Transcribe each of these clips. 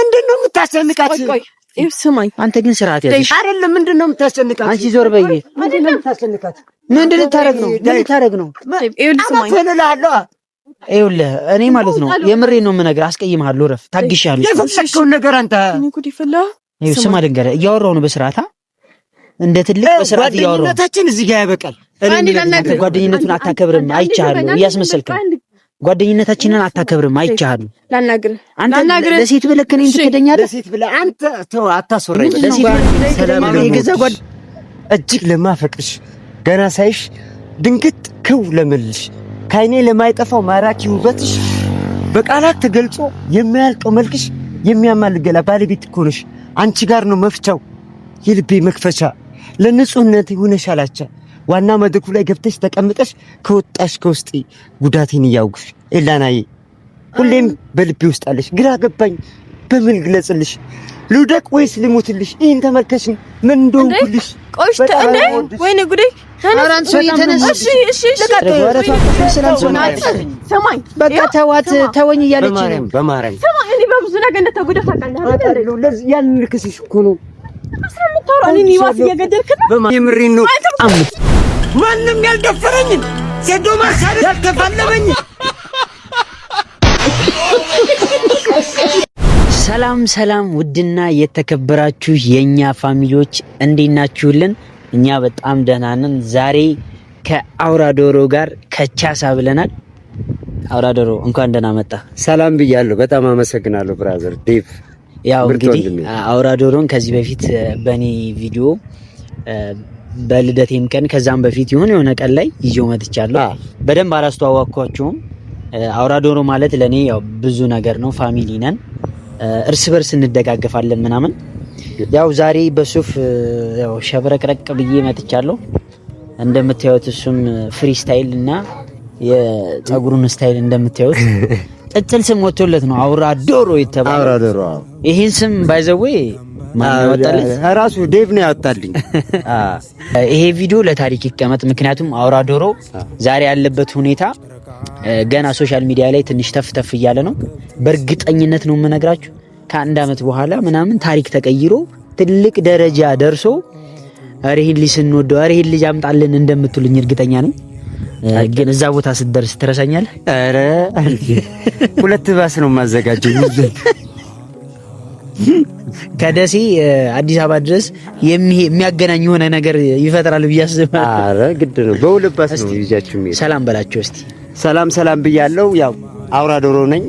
ምንድን ነው የምታስጨንቃት? ስማኝ አንተ ግን ስርዓት አይደለም። ምንድን ነው የምታስጨንቃት? አንቺ ዞር በይ። ምንድን ልታረግ ነው? ምን ልታረግ ነው? ይኸውልህ እኔ ማለት ነው የምሬ ነው የምነግርህ። አስቀይምሃለሁ። እረፍ። ታግሻለሁ። የፈለግከውን ነገር አንተ ስማ፣ ልንገርህ እያወራሁ ነው በስርዓት እንደ ትልቅ በስርዓት እያወራሁ ጓደኝነታችን እዚህ ጋር ያበቃል። ጓደኝነቱን አታከብርም። አይቻለሁ። እያስመሰልክ ነው ጓደኝነታችንን አታከብርም። አይቻሉ ለሴት ብለህ እኔን ትክደኛለህ። እጅግ ለማፈቅሽ ገና ሳይሽ ድንግጥ ክው ለምልሽ ከአይኔ ለማይጠፋው ማራኪ ውበትሽ በቃላት ተገልጾ የሚያልቀው መልክሽ የሚያማልገላ ባለቤት እኮ ነሽ። አንቺ ጋር ነው መፍቻው የልቤ መክፈቻ ለንጹህነት ሆነሻላቻ ዋና መድረኩ ላይ ገብተሽ ተቀምጠሽ ከወጣሽ ከውስጥ ጉዳቴን እያውግሽ ኤላናዬ፣ ሁሌም በልቤ ውስጥ አለሽ። ግራ ገባኝ። በምን ግለጽልሽ? ልውደቅ ወይስ ልሙትልሽ? ይህን ተመልከሽን ምን እንደሆንኩልሽ። ቆሽተ እንደ ወይኔ ጉዴ በቃ ተዋት ተወኝ በማርያም በብዙ ነገር እንደተጎዳ ታውቃለህ። ማንም ያልደፈረኝን ሴዶ ማሳደ ያልተፋለመኝ። ሰላም ሰላም፣ ውድና የተከበራችሁ የእኛ ፋሚሊዎች እንዴት ናችሁልን? እኛ በጣም ደህና ነን። ዛሬ ከአውራ ዶሮ ጋር ከቻሳ ብለናል። አውራ ዶሮ እንኳን ደህና መጣ። ሰላም ብያለሁ። በጣም አመሰግናለሁ ብራዘር ዴቭ። ያው እንግዲህ አውራ ዶሮን ከዚህ በፊት በእኔ ቪዲዮ በልደቴም ቀን ከዛም በፊት ይሁን የሆነ ቀን ላይ ይዤው መጥቻለሁ። በደንብ አላስተዋወቅኳችሁም። አውራ ዶሮ ማለት ለእኔ ያው ብዙ ነገር ነው። ፋሚሊ ነን፣ እርስ በርስ እንደጋገፋለን ምናምን። ያው ዛሬ በሱፍ ያው ሸብረቅረቅ ብዬ መጥቻለሁ። እንደምታዩት እሱም ፍሪ ስታይል እና የጸጉሩን ስታይል እንደምታዩት ጥጥል ስም ወጥቶለት ነው አውራ ዶሮ የተባለው። ይህን ስም ባይዘዌ ራሱ ዴቭ ነው ያወጣልኝ። ይሄ ቪዲዮ ለታሪክ ይቀመጥ። ምክንያቱም አውራ ዶሮ ዛሬ ያለበት ሁኔታ ገና ሶሻል ሚዲያ ላይ ትንሽ ተፍተፍ እያለ ነው። በእርግጠኝነት ነው የምነግራችሁ ከአንድ አመት በኋላ ምናምን ታሪክ ተቀይሮ ትልቅ ደረጃ ደርሶ ኧረ ይህን ልጅ ስንወደው ልጅ አምጣልን እንደምትሉኝ እርግጠኛ ነኝ። ግን እዛ ቦታ ስትደርስ ትረሳኛል። ሁለት ባስ ነው የማዘጋጀው ከደሴ አዲስ አበባ ድረስ የሚያገናኝ የሆነ ነገር ይፈጥራል ብዬ አስባለሁ። ኧረ ግድ ነው። በውልባስ ነው ይዛችሁ የሚሄድ። ሰላም በላቸው እስቲ። ሰላም ሰላም ብያለሁ። ያው አውራ ዶሮ ነኝ።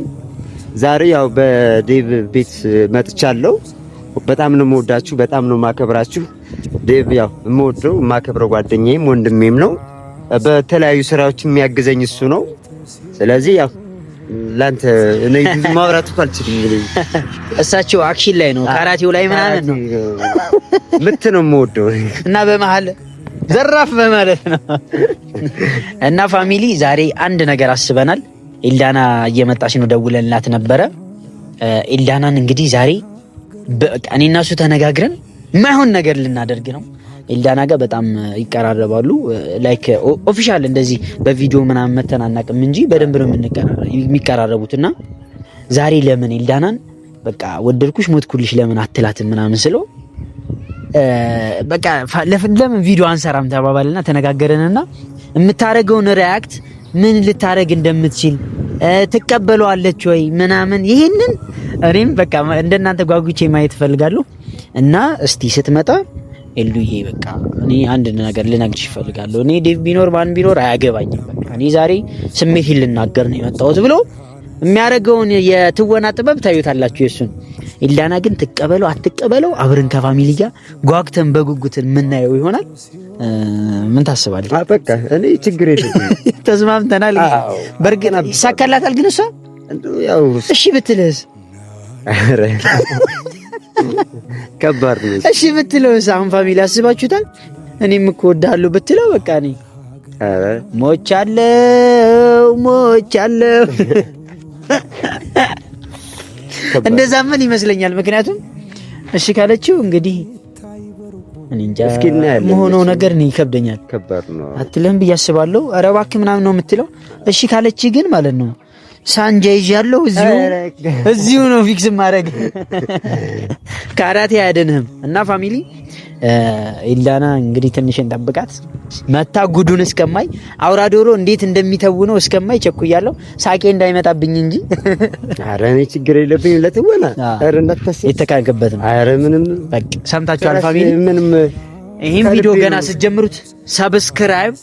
ዛሬ ያው በዴቭ ቤት መጥቻለሁ። በጣም ነው የምወዳችሁ፣ በጣም ነው የማከብራችሁ። ዴቭ ያው የምወደው የማከብረው ጓደኛዬም ወንድሜም ነው። በተለያዩ ስራዎች የሚያግዘኝ እሱ ነው። ስለዚህ ያው ላንተ እኔ ብዙ ማብራት አልችልም። እንግዲህ እሳቸው አክሽን ላይ ነው፣ ካራቴው ላይ ምናምን ነው። ምት ነው የምወደው እና በመሀል ዘራፍ በማለት ነው። እና ፋሚሊ ዛሬ አንድ ነገር አስበናል። ኢልዳና እየመጣች ነው፣ ደውለንላት ነበረ። ኢልዳናን እንግዲህ ዛሬ በቃ እኔ እና እሱ ተነጋግረን ማይሆን ነገር ልናደርግ ነው ኤልዳና ጋር በጣም ይቀራረባሉ። ላይክ ኦፊሻል እንደዚህ በቪዲዮ ምናምን መተን እንጂ በደንብ ነው የሚቀራረቡት። እና ዛሬ ለምን ኤልዳናን በቃ ወደድኩሽ ሞትኩልሽ ለምን አትላትም ምናምን ስለው በቃ ለምን ቪዲዮ አንሰራም ተባባልና ተነጋገረንና የምታደርገውን ሪያክት ምን ልታደርግ እንደምትችል ትቀበለዋለች ወይ ምናምን ይህንን እኔም በቃ እንደናንተ ጓጉቼ ማየት እፈልጋለሁ እና እስቲ ስትመጣ ኤሉዬ በቃ እኔ አንድ ነገር ልነግርሽ እፈልጋለሁ። እኔ ዴቭ ቢኖር ማን ቢኖር አያገባኝም። በቃ እኔ ዛሬ ስሜት ልናገር ነው የመጣሁት ብሎ የሚያደርገውን የትወና ጥበብ ታዩታላችሁ። የሱን ኢላና ግን ትቀበለው አትቀበለው አብረን ከፋሚሊያ ጓግተን በጉጉትን የምናየው ይሆናል። ምን ታስባለህ? በቃ እኔ ችግር የለም ተስማምተናል። በእርግጥ ይሳካላታል። ግን እሷ እሺ ብትልህስ ከባድ ነው። እሺ የምትለው አሁን ፋሚሊ አስባችሁታል። እኔም እኮ እወድሃለሁ ብትለው በቃ እኔ ሞቻለው ሞቻለው እንደዛ ምን ይመስለኛል። ምክንያቱም እሺ ካለችው እንግዲህ መሆነው ነገር ነው ይከብደኛል። አትልህም ብዬ አስባለሁ። ኧረ እባክህ ምናምን ነው የምትለው። እሺ ካለች ግን ማለት ነው ሳንጃ ይዣለሁ። እዚሁ እዚሁ ነው ፊክስ ማድረግ ካራቴ አያድንህም። እና ፋሚሊ ኢላና እንግዲህ ትንሽ እንጠብቃት። መታ ጉዱን እስከማይ አውራ ዶሮ እንዴት እንደሚተው ነው እስከማይ ቸኩያለሁ። ሳቄ እንዳይመጣብኝ እንጂ ኧረ እኔ ችግር የለብኝ። ለትወና የተካንክበት ነው። ኧረ ምንም በቃ ሰምታችኋል ፋሚሊ ምንም ይህን ቪዲዮ ገና ስትጀምሩት ሰብስክራይብ፣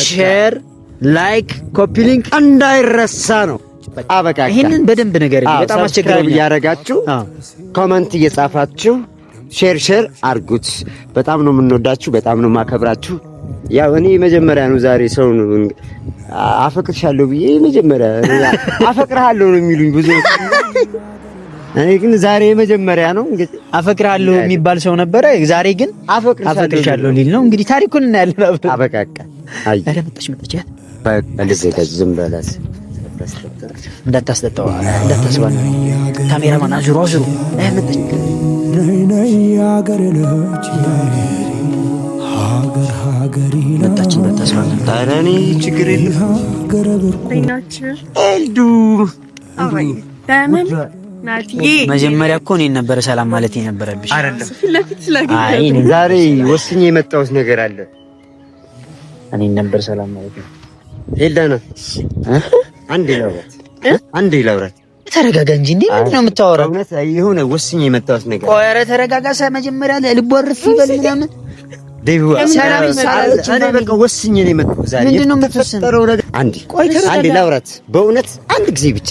ሼር፣ ላይክ፣ ኮፒ ሊንክ እንዳይረሳ ነው። አበቃ። ይሄንን በደንብ ነገር በጣም አስቸጋሪ እያረጋችሁ ኮመንት እየጻፋችሁ ሼር ሼር አርጉት። በጣም ነው የምንወዳችሁ፣ በጣም ነው የማከብራችሁ። ያው እኔ መጀመሪያ ነው ዛሬ ሰው አፈቅርሻለሁ ብዬ መጀመሪያ አፈቅርሃለሁ ነው የሚሉኝ ብዙ። እኔ ግን ዛሬ መጀመሪያ ነው እንግዲህ አፈቅርሃለሁ የሚባል ሰው ነበረ። ዛሬ ግን አፈቅርሻለሁ ሊል ነው እንግዲህ። ታሪኩን እናያለን። አበቃ። አይ አረ መጣች መጣች። በቃ ልዘጋጅ። ዝም በላት እንዳታስጠጣው እንዳታስባል። ካሜራማን አዙሮ አዙሮ ችግር መጀመሪያ እኮ እኔን ነበረ ሰላም ማለት የነበረብሽ። ዛሬ ወስኜ የመጣሁት ነገር አለ። እኔን ነበር ሰላም ማለት ነው። አንዴ ላውራት አንዴ ላውራት። ተረጋጋ እንጂ እንዴ፣ ምንድን ነው የምታወራው? እውነት የሆነ ወስኜ የመጣሁት ነገር። ቆይ ኧረ ተረጋጋ። መጀመሪያ ልቦ እርፍ ይበል ምናምን ዴቪ ወስኜ ነው የመጣሁት። ምንድን ነው የምትወስነው? አንዴ ላውራት በእውነት አንድ ጊዜ ብቻ።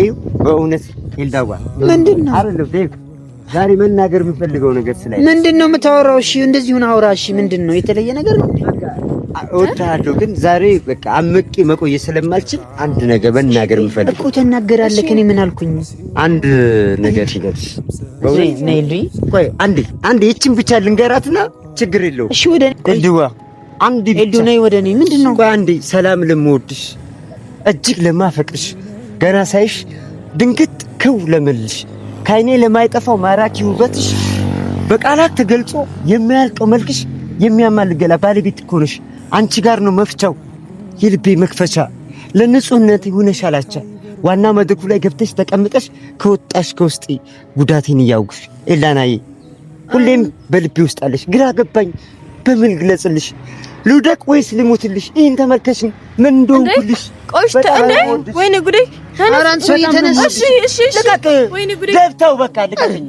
ይኸው በእውነት ኤልዳዋ ምንድን ነው አይደለም ዴቪ ዛሬ መናገር የምፈልገው ነገር ስለ ምንድን ነው የምታወራው? እሺ እንደዚህ ሁን አውራ። እሺ ምንድን ነው የተለየ ነገር ነው እወድሃለሁ ግን ዛሬ በቃ አምቄ መቆየት ስለማልችል አንድ ነገር መናገር የምፈልግ እኮ ተናገራለህ። እኔ ምን አልኩኝ? አንድ ነገር ሲደርስ ቆይ አንዴ አንዴ ይችን ብቻ ልንገራትና ችግር የለው። እሺ ወደ እንዲዋ አንዴ ኤልዲ ነይ ወደ እኔ ምንድን ነው? ቆይ አንዴ ሰላም ለምወድሽ እጅግ ለማፈቅርሽ ገና ሳይሽ ድንግጥ ክው ለምልሽ ከአይኔ ለማይጠፋው ማራኪ ውበትሽ በቃላት ተገልጾ የማያልቀው መልክሽ የሚያማልገላ ባለቤት እኮ ነሽ። አንቺ ጋር ነው መፍቻው፣ የልቤ መክፈቻ ለንጹህነት ሆነሽ አላቻ ዋና መድኩ ላይ ገብተሽ ተቀምጠሽ ከወጣሽ ከውስጤ ጉዳቴን እያውግሽ ኤላናዬ ሁሌም በልቤ ውስጥ አለሽ። ግራ ገባኝ፣ በምን ግለጽልሽ? ልውደቅ ወይስ ልሞትልሽ? ይህን ተመልከሽኝ ምን እንደሆንኩልሽ። በቃ ልቀኝ።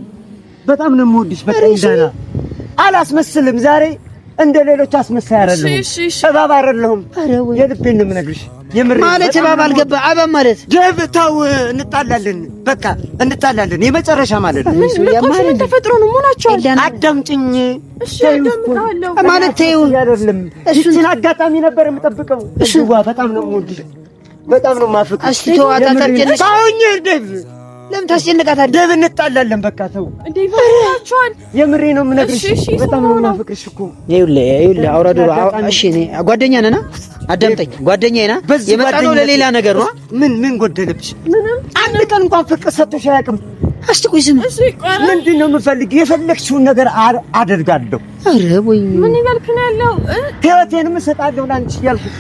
በጣም ነው የምወድሽ። በቃ አላስመስልም ዛሬ እንደ ሌሎች አስመሳይ አይደለሁም። እባብ አይደለሁም። የልቤን ነው የምነግርሽ። የምር ማለት እባብ አልገባ እባብ ማለት ጀብ ተው፣ እንጣላለን፣ በቃ እንጣላለን። የመጨረሻ ማለት ነው። ምን ተፈጥሮ ነው? ሆናችኋል። አዳምጪኝ ማለት ተይው። እሱን አጋጣሚ ነበር የምጠብቀው። እሱ በጣም ነው የምወድሽ፣ በጣም ነው የማፍቅርሽ። እሺ ተዋጣጣ ለምን ታስጨንቃታለህ? ደብ እንጣላለን? በቃ ተው። እንዴ! የምሬ ነው የምነግርሽ። በጣም ነው የምናፍቅሽ እኮ ይኸውልህ፣ ይኸውልህ አውራ እሺ እኔ ጓደኛ ነና፣ አዳምጠኝ። ጓደኛዬ ና። ነው ለሌላ ነገር ነው። ምን ምን ጎደለብሽ? አንድ ቀን እንኳን ፍቅር ሰጥቶሽ አያውቅም። እስቲ ቆይ ዝም። ምንድን ነው የምፈልግ? የፈለግሽውን ነገር አደርጋለሁ። ኧረ ወይ ምን እያልክ ነው ያለው? ሕይወቴንም እሰጣለሁ ለአንቺ እያልኩ እኮ።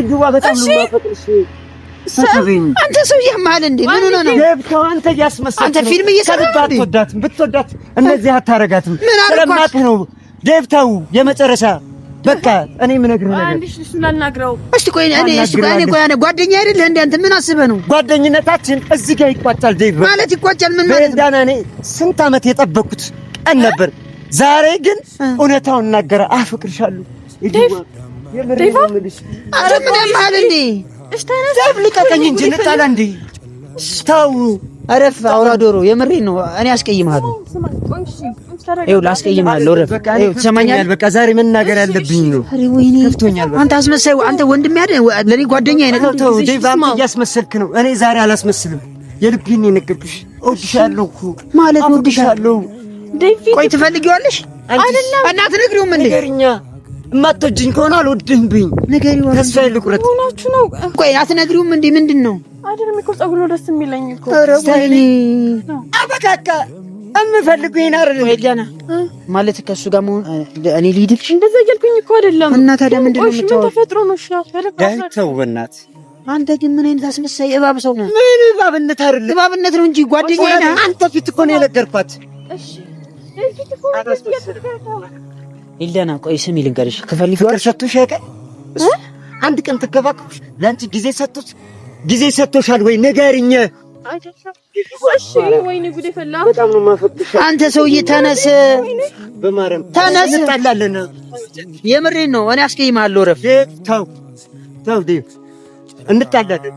እግባ በጣም ነው የማፈቅርሽ አንተ ሰውዬ ማል እንዴ ምን ሆነ ነው? ገብተው አንተ እያስመሰልክ አንተ ፊልም እየሰራህ አትወዳትም። ብትወዳት እንደዚህ አታረጋትም። ስለማትህ ነው ገብተው የመጨረሻ በቃ እኔ የምነግርህ ነገር አንዲሽ ቆይ እኔ እስቲ ቆይ እኔ ቆይ ጓደኛ አይደለህ እንዴ አንተ? ምን አስበህ ነው? ጓደኝነታችን እዚህ ጋር ይቋጫል። ዴቭ ማለት ይቋጫል። ምን ማለት ነው? እኔ ስንት ዓመት የጠበኩት ቀን ነበር። ዛሬ ግን እውነታውን እናገራ። አፈቅርሻለሁ ዴቭ። የምሬን አንተ ምን ያማል እንዴ ልቀቀኝ እንጂ እንጣላ እንዴ! ተው እረፍ። አውራ ዶሮ የምሬ ነው። እኔ አስቀይምሃለሁ፣ አስቀይምሃለሁ። እረፍ። ትሰማኛለህ? በቃ ዛሬ መናገር ያለብኝ ነው። አንተ አስመሳይ፣ አንተ ወንድሜ አይደል? ለእኔ ጓደኛ አይነት እያስመሰልክ ነው። እኔ ዛሬ አላስመስልም። የልብህን የነገርኩሽ። እወድሻለሁ ማለት እወድሻለሁ። ቆይ ትፈልጊዋለሽ? እናት ነግሪውም እንዴ እማትወጂኝ ከሆነ አልወድህም ብኝ ነገር ተስፋ ልቁረጥ ሆናችሁ ነው። ቆይ አትነግሪውም እንዴ? ምንድን ነው አይደለም እኮ ጸጉር ነው ደስ የሚለኝ እኮ ሰኒ አበቃቃ እምፈልገው ይሄን አይደለም ገና ማለት ከእሱ ጋር መሆን እኔ ልሂድልሽ እንደዛ እያልኩኝ እኮ አይደለም። እና ታዲያ ምንድን ነው የምታወራው? ተፈጥሮ ነው። እሺ ተው በእናትህ አንተ ግን ምን አይነት አስመሳይ እባብ ሰው ነው? ምን እባብነት አይደለም እባብነት ነው እንጂ ጓደኛዬ አንተ ፊት እኮ ነው የነገርኳት። እሺ እዚህ እኮ ነው ሊለና ቆይ ስሚ ልንገርሽ፣ ከፈልጊ ወር ሰጥቶሽ ያውቃል? አንድ ቀን ተከባከብሽ፣ ለአንቺ ጊዜ ሰጥቶሽ ጊዜ ሰጥቶሻል ወይ ንገሪኝ። አንተ ሰውዬ ተነስ፣ በማርያም ተነስ። እንጣላለን። የምሬን ነው። እኔ አስቀይማለሁ። ረፍ ተው፣ ተው፣ እንጣላለን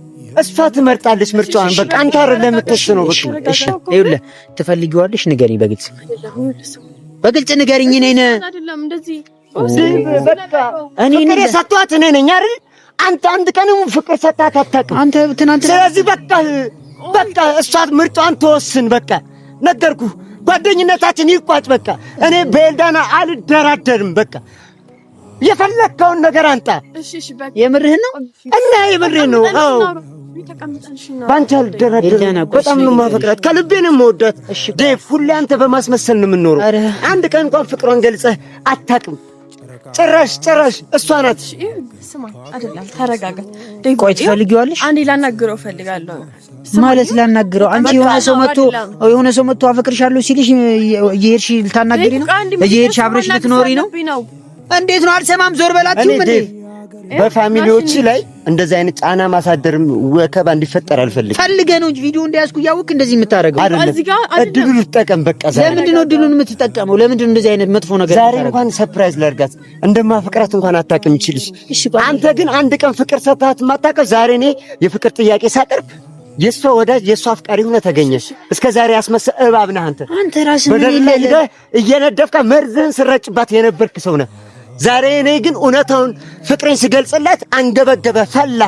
እሷ ትመርጣለች ምርጫዋን። በቃ አንተ አይደለም የምትወስነው። በቃ እሺ፣ ይኸውልህ ትፈልጊዋለሽ? ንገሪኝ በግልጽ በግልጽ ንገሪኝ። እኔ ነኝ ፍቅር የሰጠኋት እኔ ነኝ አይደል? አንተ አንድ ቀንም ፍቅር ሰጣት አታውቅም አንተ ትናንት። ስለዚህ በቃ በቃ እሷ ምርጫዋን ትወስን። በቃ ነገርኩ፣ ጓደኝነታችን ይቋጭ። በቃ እኔ በኤልዳና አልደራደርም። በቃ የፈለግከውን ነገር አንጣ። የምርህን ነው እና የምርህን ነው። አዎ ባንቺ አልደራደርም። በጣም ነው የማፈቅራት፣ ከልቤ ነው የምወዳት። ዴቭ፣ ሁሌ አንተ በማስመሰል ነው የምንኖረው። አንድ ቀን እንኳን ፍቅሯን ገልጸህ አታውቅም። ጭራሽ ጭራሽ እሷ ናት። ቆይ ትፈልጊዋለሽ? አንዴ ላናግረው እፈልጋለሁ። ማለት ላናግረው? አንቺ የሆነ ሰው መጥቶ የሆነ ሰው መጥቶ አፈቅርሻለሁ ሲልሽ እየሄድሽ ልታናግሪ ነው? እየሄድሽ አብረሽ ልትኖሪ ነው? እንዴት ነው? አልሰማም። ዞር በላችሁም እንዴ በፋሚሊዎች ላይ እንደዚህ አይነት ጫና ማሳደር ወከባ እንዲፈጠር አልፈልግም። ፈልገ ነው እንጂ ቪዲዮ እንዳያስኩ እያወቅ እንደዚህ የምታደርገው አይደለም። እድሉን ልትጠቀም በቃ። ለምንድን ነው እድሉን የምትጠቀመው? ለምንድን ነው እንደዚህ አይነት መጥፎ ነገር? ዛሬ እንኳን ሰርፕራይዝ ላድርጋት እንደማፈቅራት እንኳን አታውቅም። ይችልሽ አንተ ግን አንድ ቀን ፍቅር ሰጥሃት የማታውቀው ዛሬ እኔ የፍቅር ጥያቄ ሳቀርብ የእሷ ወዳጅ የእሷ አፍቃሪ ሆነ ተገኘሽ። እስከ ዛሬ ያስመሰል እባብ ነህ አንተ። አንተ ራስህ እየነደፍካ መርዝህን ስረጭባት የነበርክ ሰው ነህ። ዛሬ እኔ ግን እውነታውን ፍቅሬን ስገልጽላት አንገበገበ ፈላ።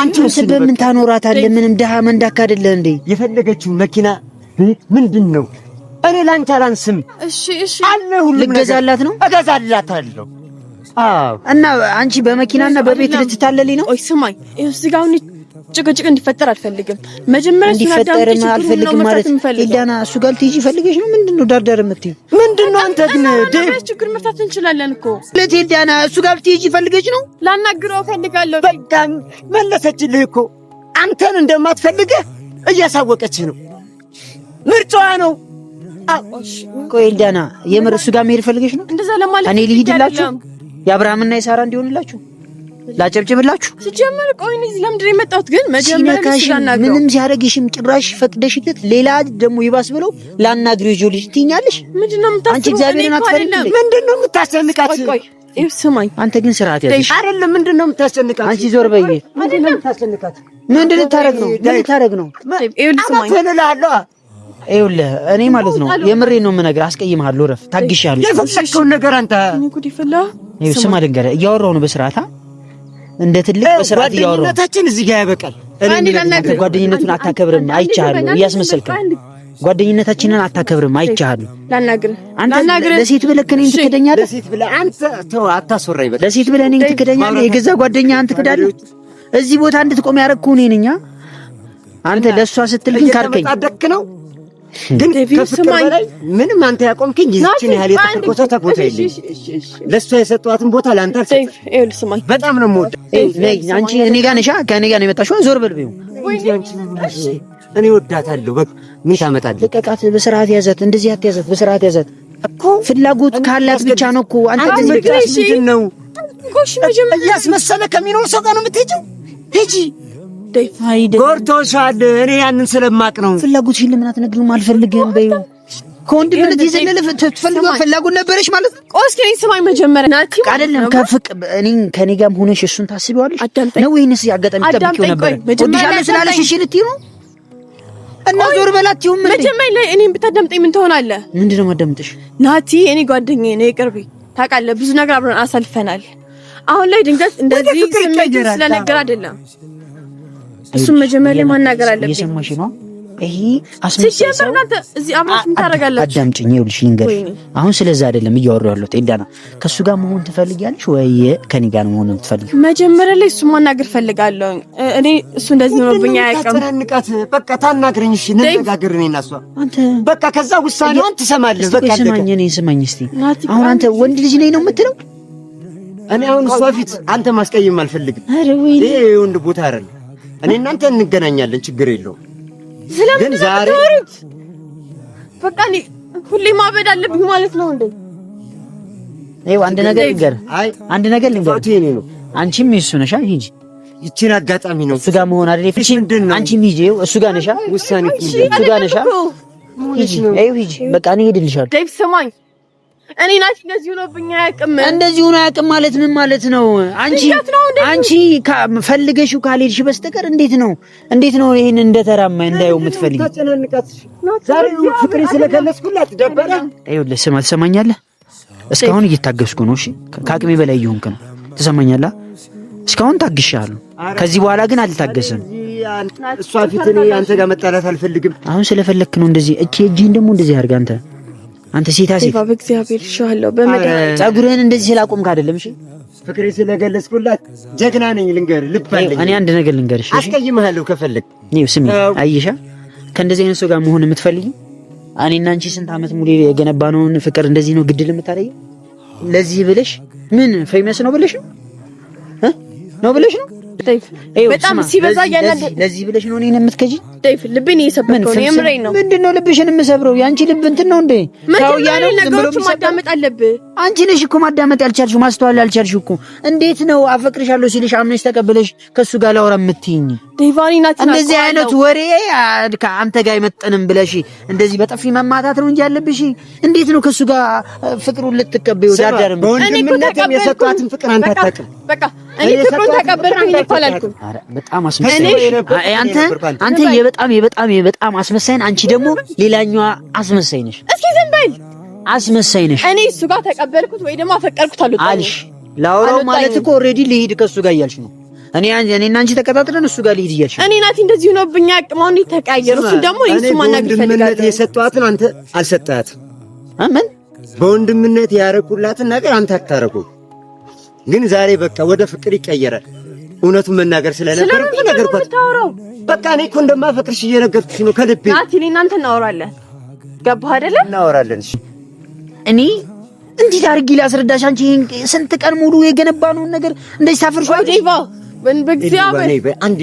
አንቺ ስበ ምን ታኖራታለህ? ምንም ድሃ መንዳካ አይደለ እንዴ? የፈለገችው መኪና ምንድን ነው? እኔ ላንቺ አላንስም። እሺ፣ እሺ አለ ሁሉ ልገዛላት ነው እገዛላታለሁ። አዎ። እና አንቺ በመኪናና በቤት ልትታለሊ ነው? ኦይ ስማኝ፣ እዚህ ጋር ጭቅጭቅ እንዲፈጠር አልፈልግም። መጀመሪያ እንዲፈጠር አልፈልግም ማለት ኢልዳና እሱ ጋር ልትሄጂ ፈልገሽ ነው? ምንድን ነው ዳርዳር የምትይው? ምንድን ነው አንተ ግን ችግር መፍታት እንችላለን እኮ ለት ኢልዳና እሱ ጋር ልትሄጂ ፈልገሽ ነው? ላናግረው ፈልጋለሁ። በጣም መለሰችልህ እኮ አንተን እንደማትፈልግህ እያሳወቀች ነው። ምርጫዋ ነው። ቆይ ኢልዳና የምር እሱ ጋር መሄድ ፈልገሽ ነው? እንደዛ ለማለት እኔ ልሂድላችሁ የአብርሃምና የሳራ እንዲሆንላችሁ ላጨብጭብላችሁ። ሲጀመር ቆይ እዚህ ለምድር የመጣሁት? ግን መጀመሪያ ሲናገር ምንም ሲያደርግሽም ጭራሽ ፈቅደሽለት ሌላ ደግሞ ይባስ ብለው ላናግሪ ጆ ልጅ ትይኛለሽ። ምንድን ነው የምታስበው? አንቺ እግዚአብሔርን አትፈሪም? ምንድን ነው የምታስጨንቃት? ስማኝ አንተ ግን ስርዓት ያለሽ አይደለም። ምንድን ነው የምታስጨንቃት? አንቺ ዞር በይ። ምንድን ነው የምታስጨንቃት? ምንድን ልታረግ ነው? ምን ልታረግ ነው? ይኸውልህ እኔ ማለት ነው የምሬን ነው የምነግርህ። አስቀይምሃለሁ። እረፍ። ታግሻለሁ። የፈለከውን ነገር አንተ ስማ፣ ልንገርህ እያወራሁ ነው በስርዓት እንደ ትልቅ በስርዓት እያወሩ ጓደኝነታችን እዚህ ጋር ያበቃል። ጓደኝነቱን አታከብርም፣ አይቻሉ እያስመሰልክ ጓደኝነታችንን አታከብርም፣ አይቻሉ ላናግር ለሴት ብለህ እኔን ትክደኛለህ። ለሴት ብለህ እኔን ትክደኛለህ። የገዛ ጓደኛህን ትክዳለህ። እዚህ ቦታ እንድትቆም ያደረግኩህ እኔ ነኝ። አንተ ለእሷ ስትል ግን ካድከኝ። ግን ምንም አንተ ያቆምክኝ ይችን ያህል የተተኮሰ ተኮተ የለኝ። ለእሷ የሰጠኋትን ቦታ ለአንተ አልሰጠሁም። በጣም ነው የምወደው። አንቺ እኔ ጋር ነሻ፣ ከእኔ ጋር ነው የመጣሽው። ዞር በል እኔ ወዳታለሁ። በቃ ምን ታመጣለህ? ልቀቃት፣ በስርዓት ያዘት። እንደዚህ አትያዛት፣ በስርዓት ያዘት እኮ ፍላጎት ካላት ብቻ ነው እኮ አንተ ግን ነው እያስመሰለ ከሚኖር ሰው ጋር ነው የምትሄጂው። ሂጂ ጉዳይ ጎርቶሻል። እኔ ያንን ስለማቅ ነው። ፍላጎት ፍላጎትሽን ለምን አትነግሪውም? አልፈልግም በይው። ከወንድምነት የዘለለ ትፈልጊው ፍላጎት ነበረሽ ማለት ነው። ቆስኪ እኔ ስማኝ፣ መጀመሪያ ናቲ አይደለም ከፍቅ እኔ ከኔ ጋርም ሆነሽ እሱን ታስቢዋለሽ ነው ወይንስ ያጋጠም ጠብቂው ነበር? ወድሻለ ስላለሽ እሺ ልትይው ነው እና ዞር በላት ይሁን። ምን መጀመሪያ ላይ እኔን ብታዳምጠኝ ምን ትሆናለህ? ምንድን ነው የማዳምጥሽ? ናቲ እኔ ጓደኛዬ ነው፣ የቅርቤ ታውቃለህ። ብዙ ነገር አብረን አሳልፈናል። አሁን ላይ ድንገት እንደዚህ ስሜት ስለነገር አይደለም እሱን መጀመሪያ ማናገር አለብኝ። እየሰማሽ ነው? ይሄ አዳምጪኝ፣ ይኸውልሽ አሁን ስለዛ አይደለም እያወሩ ያለሁት ኤዳና፣ ከእሱ ጋር መሆን ትፈልጊያለሽ ወይ ከኔ ጋር መሆን ትፈልጊ? መጀመሪያ ላይ እሱ ማናገር ፈልጋለሁ። እኔ እሱ እንደዚህ ሆኖብኝ አያውቅም። በቃ ታናግረኝ፣ እሺ እንነጋገር። እኔ እና እሷ በቃ ከዛ ውሳኔውን ትሰማለህ። በቃ ስማኝ፣ እኔ ስማኝ እስቲ። አሁን አንተ ወንድ ልጅ ነኝ ነው የምትለው? እኔ አሁን እሷ ፊት አንተ ማስቀየም አልፈልግም። ይሄ ወንድ ቦታ አይደለም እኔ እናንተ እንገናኛለን፣ ችግር የለውም። ስለምን ዛሬ በቃ እኔ ሁሌ ማበድ አለብኝ ማለት ነው እንዴ? ይኸው አንድ ነገር አይ አንድ ነገር ልንገር። ነው አንቺም እሱ ነሽ ሂጂ። ይቺን አጋጣሚ ነው እሱ ጋር መሆን አይደል? ፍቺ አንቺ ሂጂ፣ እሱ ጋር ነሽ፣ ውሳኔ እሱ ጋር ነሽ። ሂጂ፣ ይኸው ሂጂ። በቃ እኔ እሄድልሻለሁ። ዴቭ ስማኝ እኔ ናት እንደዚህ ሆኖብኝ አያውቅም። እንደዚህ ሆኖ አያውቅም ማለት ምን ማለት ነው? አንቺ አንቺ ፈልገሽው ካልሄድሽ በስተቀር እንዴት ነው እንዴት ነው ይሄን እንደተራማ እንዳየው የምትፈልጊ? ዛሬ ፍቅሬ ስለከለስኩላት ደበረ። ይኸውልህ ስማ፣ ትሰማኛለህ? እስካሁን እየታገስኩ ነው። እሺ ከአቅሜ በላይ እየሆንክ ነው። ትሰማኛለህ? እስካሁን ታግሻለሁ። ከዚህ በኋላ ግን አልታገስም። እሷ ፊት እኔ አንተ ጋር መጣላት አልፈልግም። አሁን ስለፈለግክ ነው እንደዚህ እቺ እጅህን ደግሞ እንደዚህ አድርግ አንተ አንተ ሴታ ሴት በእግዚአብሔር እሻለሁ በመድኃኒዓለም ጸጉርህን እንደዚህ ስላቆምክ አይደለም። እሺ ፍቅሬ ስለገለጽኩላት ጀግና ነኝ። ልንገርህ፣ ልብ አለኝ። እኔ አንድ ነገር ልንገርሽ፣ አስቀይምሃለሁ ከፈለግ። ነው ስሚ አይሻ፣ ከእንደዚህ አይነት ሰው ጋር መሆን የምትፈልጊ? እኔና አንቺ ስንት አመት ሙሉ የገነባነውን ፍቅር እንደዚህ ነው ግድል የምታደርጊ? ለዚህ ብለሽ ምን ፌመስ ነው ብለሽ ነው ብለሽ ነው በጣም ሲበዛ ያለ ለዚህ ብለሽ ነው እኔን የምትከጂ? ዴቭ ልብን እየሰበርከው ነው። የምሬን ነው። ምንድን ነው ልብሽን የምሰብረው? የአንቺ ልብ እንትን ነው እንዴ? ታው ነገሮችን ማዳመጥ አለብህ። አንቺ ነሽ እኮ ማዳመጥ ያልቻልሽው፣ ማስተዋል ያልቻልሽው እኮ። እንዴት ነው አፈቅርሻለሁ ሲልሽ አምነሽ ተቀበለሽ ከእሱ ጋር ላወራ የምትይኝ? ናት። እንደዚህ አይነት ወሬ አድካ አንተ ጋር አይመጥንም ብለሽ እንደዚህ በጠፊ መማታት ነው እንጂ ያለብሽ። እንዴት ነው ከሱ ጋር ፍቅሩን ልትቀበዩ? ዳርዳር በወንድምነትም የሰጧትን ፍቅር አንተ አታውቅም። አንተ የበጣም የበጣም የበጣም አስመሳይን፣ አንቺ ደግሞ ሌላኛዋ አስመሳይ ነሽ። እስኪ ዝም በል አስመሳይ ነሽ። እኔ እሱ ጋር ተቀበልኩት ወይ ደግሞ አፈቀርኩት አልሽ። ላውራው ማለት እኮ ኦልሬዲ ልሂድ ከእሱ ጋር እያልሽ ነው እኔ እኔና አንቺ ተቀጣጥረን እሱ ጋር ልሂድ እያልሽ እኔ ናት እንደዚህ ሆኖብኝ ብኛ እንዴት ተቀያየሩ? እሱ ደግሞ ይሱ ማናገር ይፈልጋል። የሰጠኋትን አንተ አልሰጠሃትም። አምን በወንድምነት ያረኩላትን ነገር አንተ አታረኩ። ግን ዛሬ በቃ ወደ ፍቅር ይቀየራል። እውነቱን መናገር ስለነበር ነገርኳት። በቃ እኔ እኮ እንደማፈቅርሽ እየነገርኩሽ ነው ከልቤ። ናት እኔ እናንተ እናወራለን። ገባህ አይደለ? እናወራለን። እሺ እኔ እንዴት አድርጌ ላስረዳሽ? አንቺ ስንት ቀን ሙሉ የገነባነውን ነገር እንደዚህ ታፈርሽው አይደል? በእግዚአብሔር አንድ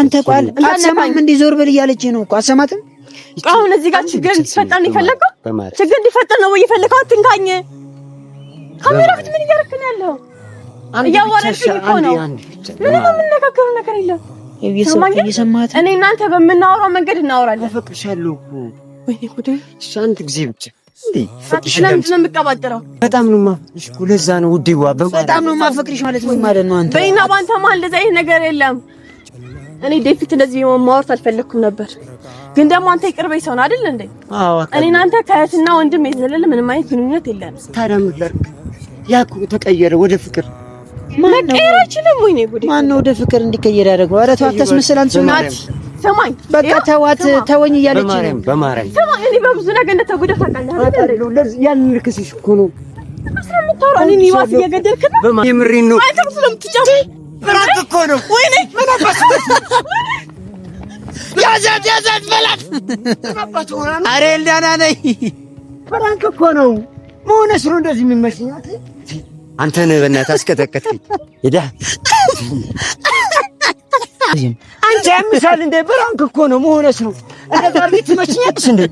አንድ ዞር በል እያለች ነው እኮ አሰማትም። አሁን እዚህ ጋር ችግር እንዲፈጠር ነው ችግር እንዲፈጠር ነው አትንካኝ። ካሜራ ፊት ምን እያደረክ ነው እኮ ነው። ምንም ነገር የለም። እኔ እናንተ በምናወራው መንገድ እናወራለን። እፈቅድሻለሁ እኮ አንድ ጊዜ ብቻ በጣም ነው የማፈቅርሽ እኮ ለዛ ነው ውዴ። በጣም ነው የማፈቅርሽ ማለት ነው ማለት ነው። አንተ በይና ባንተ ማን እንደዛ አይነት ነገር የለም። እኔ ዴፊት እንደዚህ ማውራት አልፈለኩም ነበር፣ ግን ደግሞ አንተ ይቅርበኝ ሰው ነህ አይደል እንዴ? አዎ። እኔና አንተ ከእህትና ወንድም የዘለለ ምንም አይነት ግንኙነት የለንም። ታዲያ ምን ላድርግ? ያኩ ተቀየረ ወደ ፍቅር መቀየር አይችልም ወይ ነው ወደ ፍቅር እንዲቀየር ያደረገው? ኧረ ተው አታስመስል አንተ ስማኝ በቃ ተዋት፣ ተወኝ እያለች ነው። በማርያም ስማኝ፣ እኔ በብዙ ነገር እንደተጎዳሁ ታውቃለህ ነው ይዋስ ነው። ነው። ብራክ እኮ ነው። ያዛት ያዛት በላት። ብራክ እኮ ነው። እንደዚህ አንተን በእናትህ አስቀጠቀጥክ ሄዳ አንቺ ያምሳል እንደ ብራንክ እኮ ነው መሆነስ ነው። እንደዛ አድርገሽ ትመችኛለሽ እንዴ?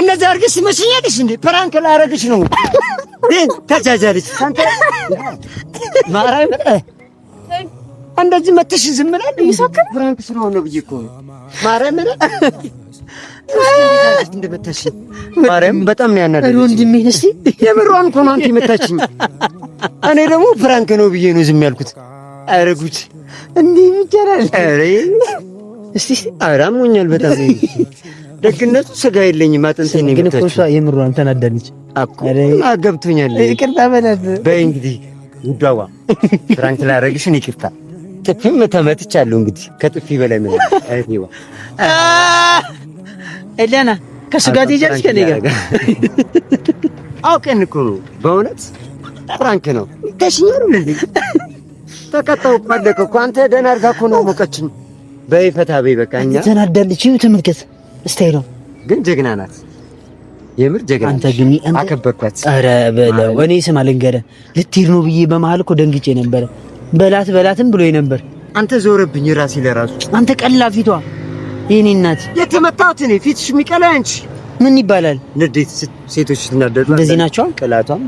እንደዛ አድርገሽ ትመችኛለሽ እንዴ? ብራንክ ላረግሽ ነው ግን ተጃጃለች። አንተ ማርያም እንደዚህ መተሽ ዝም ብላል ይሰከረ ብራንክ ስለሆነ ነው ብዬሽ እኮ ነው። ማርያም እንደመታሽ ማርያም በጣም ነው ያናደደኝ ወንድሜ። እስቲ የምሯን እኮ ነው አንተ የመታችኝ። እኔ ደግሞ ብራንክ ነው ብዬ ነው ዝም ያልኩት። ኧረ ጉድ! እንዲህ ይቻላል? ኧረ እስቲ ኧረ አሞኛል በጣም ደግነቱ ስጋ የለኝም አጥንት ነው። ግን እኮ እሷ የምሯን ተናዳለች እኮ አገብቶኛል። ይቅርታ በላት በይ እንግዲህ ጉዳዋ ፍራንክ ላደረግሽን ይቅርታ። ጥፊም ተመትቻለሁ እንግዲህ ከጥፊ በላይ ምን አይቴዋ ኤልያና ከእሱ ጋር ትሄጃለሽ ከእኔ ጋር አውቀን እኮ በእውነት ፍራንክ ነው ተሽኛሩ እንዴ ተቀጣው እኮ አለቀ እኮ አንተ ደህና አድርጋ እኮ ነው ሞቀችኝ። በይ ፈታ በይ በቃ እኛ ተናዳለች። ተመልከት እስታይሏ ግን ጀግና ናት። የምር ጀግና አንተ ግን አከበርኳት። ኧረ በለው እኔ ስማ ልንገርህ፣ ልትሄድ ነው ብዬ በመሀል እኮ ደንግጬ ነበረ። በላት በላትም ብሎ ነበር። አንተ ዞረብኝ ራሴ ለራሱ አንተ ቀላ ፊቷ የኔ እናት የተመታሁት እኔ ፊትሽ የሚቀላ አንቺ ምን ይባላል? ንዴት ሴቶች ስትናደዱ እንደዚህ ናቸው። ቀላቷም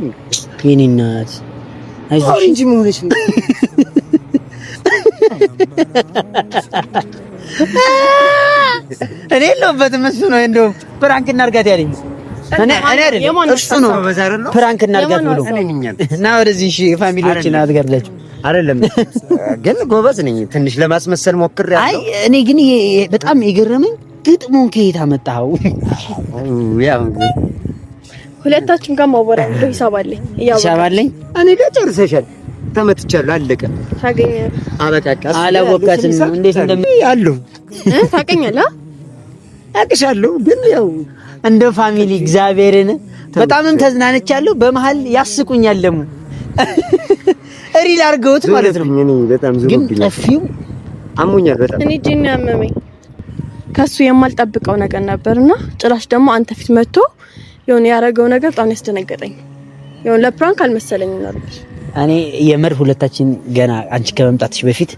የኔ እናት አይዞሽ እንጂ ምን ሆነሽ ነው እኔ የለሁበትም። እሱ ነው እንደው ፕራንክ እናድርጋት ያለኝ እኔ አይደለም እሱ ነው ፕራንክ እናድርጋት ብሎ እና ወደዚህ እሺ፣ ፋሚሊዎችን አትገርዳችሁ አይደለም ግን ጎበዝ ነኝ። ትንሽ ለማስመሰል ሞክር ያለው። አይ እኔ ግን በጣም የገረመኝ ግጥሙን ከየት አመጣኸው? ያው ሁለታችን ጋር ማወራ ሂሳብ አለኝ ሂሳብ አለኝ እኔ ጋር ጨርሰሻል ተመትቻለሁ። አለቀ። ታገኛለህ። እንዴት ግን ያው እንደ ፋሚሊ እግዚአብሔርን በጣምም በመሀል ያስቁኛል ደግሞ ሪል አድርገውት ማለት ነው። ግን አሞኛል በጣም እኔ እጄን ያመመኝ ከሱ የማልጠብቀው ነገር ነበርና ጭራሽ ደግሞ አንተ ፊት መጥቶ የሆነ ያደረገው ነገር በጣም ያስደነገጠኝ። የሆነ ለፕራንክ አልመሰለኝም ነበር። እኔ የምር ሁለታችን ገና አንቺ ከመምጣትሽ በፊት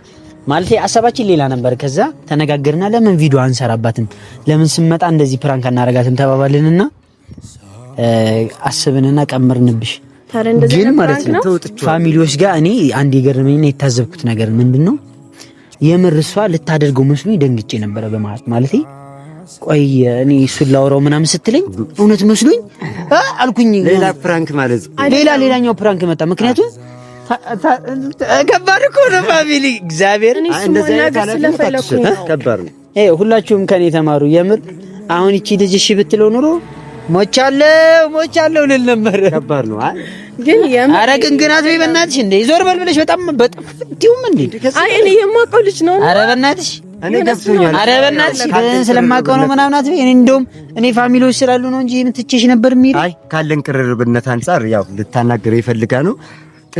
ማለት አሳባችን ሌላ ነበር። ከዛ ተነጋግርና ለምን ቪዲዮ አንሰራባትም፣ ለምን ስመጣ እንደዚህ ፕራንክ አናረጋትም ተባባልንና አስብንና ቀምርንብሽ። ግን ማለት ነው ፋሚሊዎች ጋር እኔ አንድ የገረመኝና የታዘብኩት ነገር ምንድን ነው፣ የምር እሷ ልታደርገው መስሎኝ ደንግጬ ነበረ በማለት ማለቴ ቆይ እኔ እሱን ላውራው ምናምን ስትለኝ እውነት መስሎኝ አልኩኝ። ሌላ ፕራንክ ማለት ነው። ሌላ ሌላኛው ፕራንክ መጣ። ምክንያቱም ከባድ እኮ ነው ፋሚሊ፣ እግዚአብሔር ከባድ ነው። ሁላችሁም ከኔ ተማሩ። የምር አሁን ይቺ ልጅ እሺ ብትለው ኑሮ ሞቻለው ሞቻለው ልል ነበር። ከባድ ነው ግን የምር ኧረ ግን ግናት በይ በእናትሽ እንዴ ዞር በል ብለሽ በጣም በጣም እንዲሁም እንዴ አይ እኔ የማውቀው ልጅ ነው። ኧረ በእናትሽ እኔ ገብቶኛል። ኧረ በእናትሽ ስለማውቀው ነው ምናምን አትበይ። እንደውም እኔ ፋሚሊዎች ስላሉ ነው እንጂ ምን ነበር የሚሄድ። አይ ካለን ቅርርብነት አንጻር ያው ልታናገረ ይፈልጋ ነው።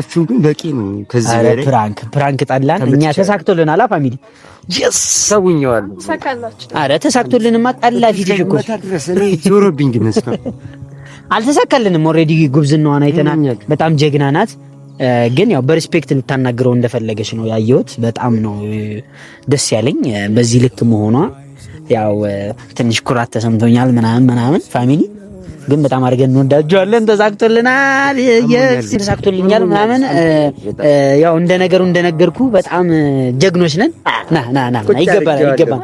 ጥፊው ግን በቂ ነው። ከዚህ ላይ ፕራንክ ፕራንክ ጣላን እኛ ተሳክቶልናል። አላ ፋሚሊ ጀስ ሰውኛዋል። አረ ተሳክቶልንማ ጣላ ፊትሽ እኮ ዞሮብኝ ግን አልተሳካልንም። ኦልሬዲ ጉብዝናዋን አይተናል። በጣም ጀግና ናት። ግን ያው በሪስፔክት እንድታናግረው እንደፈለገች ነው ያየሁት። በጣም ነው ደስ ያለኝ በዚህ ልክ መሆኗ። ያው ትንሽ ኩራት ተሰምቶኛል ምናምን ምናምን። ፋሚሊ ግን በጣም አድርገን እንወዳጀዋለን ተሳክቶልናል፣ ተሳክቶልኛል ምናምን። ያው እንደ ነገሩ እንደነገርኩ በጣም ጀግኖች ነን። ና ና ና ይገባናል፣